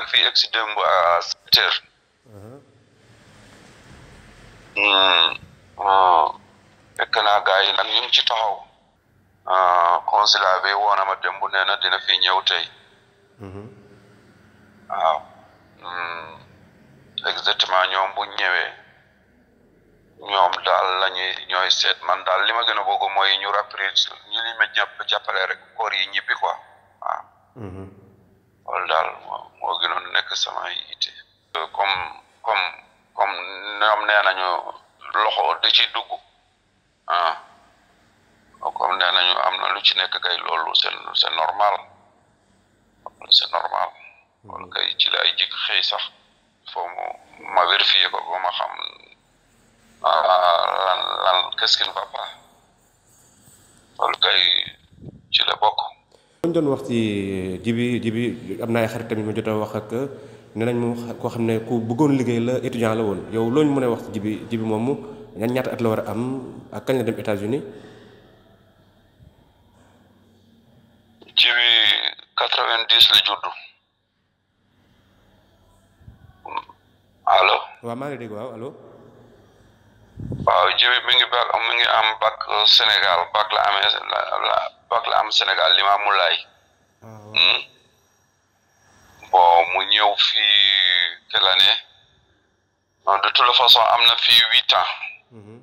daal fi egg si démb à sept heures hmm. fekk naa yi nag ñu ngi ci taxaw ah, consulat bi woo na ma démb nee na dina fi ñëw tey waaw hmm. exactement ñoom bu ñëwee ñoom daal la ñuy ñooy seet man daal li ma gën a bëgg mooy ñu rappelé ñu li ma jàpp jàppale rek koor yi ñibbi quoi waaw hmm. loolu daal moo moo gënoon nekk sama yitte comme comme am ñoom nee nañu loxo da ci a ah comme nee nañu am na lu ci nekk kay loolu c'est normal c'est normal loolu kay ci la ay jik xëy sax foo mu ma vérifier ko ba ma xam ah, lan lan qu'est-ce qui kay ci la bokk ñu doon wax ci jibi jibi am na ay xarit tamit ma jot a wax ak nenañ mu ko xamne ku bëggoon liggéey la étudiant la woon yow loñ mën ne wax ci jibi jibi moomu ñan ñaata at la war a am ak kañ la dem états unis jibi 90 la judd allo waaw maa ngi dégg waaw allo waaw jibi mi ngi bac mi ngi am bak senegal bak la amee bak la am senegal lima Limamou Laye bo mu ñew fi quelle année non de toute façon amna fi 8 ans hmm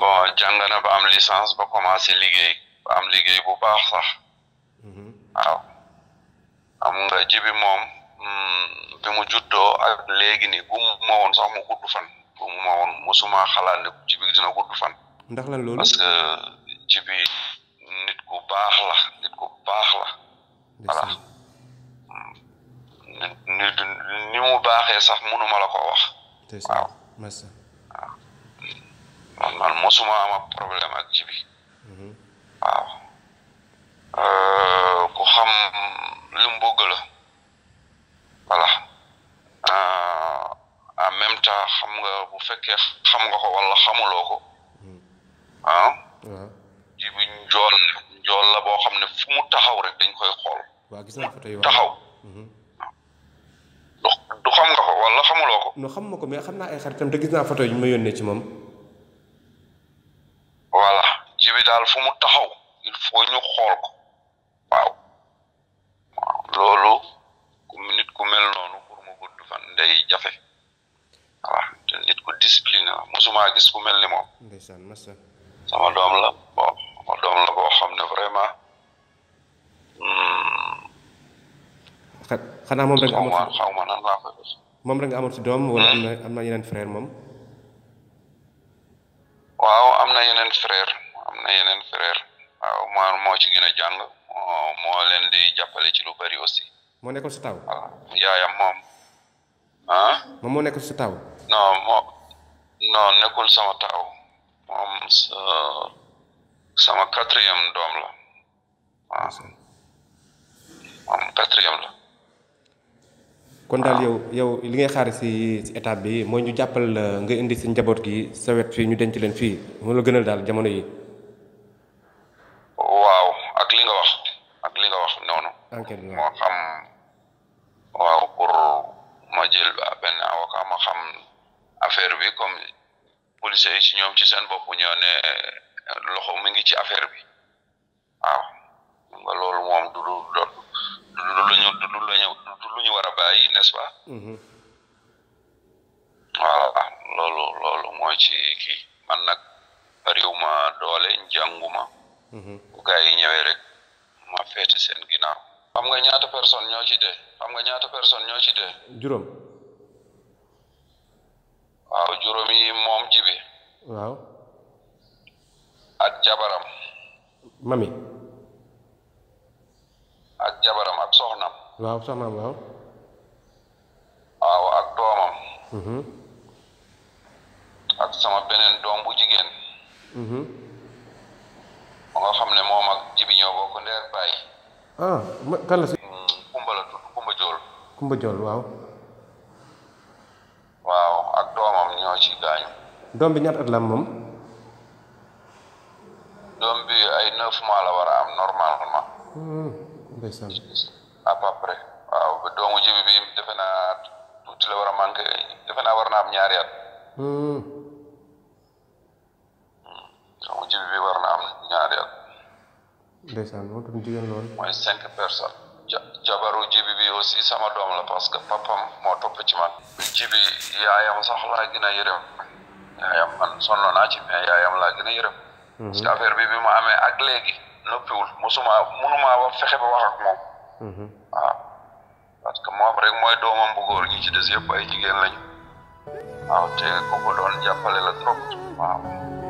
bo oh, mhm. jangana ba am licence ba commencer liggéey ba am liggéey bu baax sax mhm. waaw am nga jibi moom hmm, bi mu juddoo ak léegi ni bu ma woon sax mu gudd fan ma woon mosuma xalaat ne ci bi dina gudd fan. ndax lan loolu parce que nit ku baax la nit ku baax la. nit ni mu baaxee sax mënuma la ko wax. waaw man man mosuma problème ak jibi mhm. waaw. fekkee xam nga ko wala xamuloo ko ah njool njool la boo xam ne fu mu taxaw rek dañ koy xool gis taxaw mhm. du xam nga ko wala xamuloo ko non xam ma ko mais xam naa ay xaritam te gis naa photo yi ma yónnee ci moom voilà ji daal fu mu taxaw il faut ñu xool ko waaw loolu ku nit ku mel noonu pour mu gudd fan day jafe ku discipline musuma gis ku melni mom ndaysan sa sama dom la bo sama dom la bo xamne vraiment hmm. xana mom rek amul xawma nan la koy mom rek amul ci dom wala amna hmm? amna yenen frère mom waaw amna yenen frère amna yenen frère waaw mo mo ci gëna jang mo len di jappalé ci lu bari aussi mo nekkul sa taw yaayam mom ah. moom moo nekkul sa taw. non moo non nekkul sama taw moom sa sama quatrième doom la moom quatrième la. kon daal yow yow li ngay xaar si si état bi mooy ñu jàppal la nga indi si njaboot yi sa wet fii ñu denc leen fii moo la gënal daal jamono yi. waaw ak li nga wax ak li nga wax noonu. moo xam. ma xam affaire bi comme police yi ci ñoom ci seen bopp ñoo ne loxo mi ngi ci affaire bi waaw nga loolu moom du du du du lu ñu du lu ñu du lu ñu war a bàyyi n'est-ce pas mhm. voilà loolu loolu mooy ci kii man nag ma doole njanguma. Mhm. bu gars yi ñëwee rek ma féete seen ginnaaw xam nga ñaata personne ñoo ci dee xam nga ñaata personne ñoo ci dee juróom waaw juróomi yi moom jibi waaw ak jabaram mami ak jabaram ak soxnam waaw soxnam waaw waaw ak doomam mm-hmm. ak sama beneen doom bu jigéen ma mm-hmm. nga xam ne moom ak jibi ñoo bokk ndeer bàyyi ah kan la mm, kumba jool kumba jool waaw doom bi ñaata moom. doom bi ay neuf mois la war a am normalement. Hmm, ndeysaan. à peu près waaw ba doomu jibi bi defe naa tuuti la war a manqué defe naa war na am ñaari at. Hmm. doomu jibi bi war na am ñaari at. ndeysaan moom tamit jigéen lool. mooy cinq personnes. ja jabaru jibi bi aussi sama doom la parce que papam moo topp ci u jibi yaayam sax laa yërëm. yaayam man sonn naa ci mais yaayam laa gën a yërëm. parce mhm. que affaire bi bi ma amee ak léegi noppiwul mosuma mënuma wa fexe ba wax ak moom. Mhm. waaw parce que moom rek mooy doomam bu góor ci des yëpp ay jigéen lañu waaw te ku ko doon jàppale la trop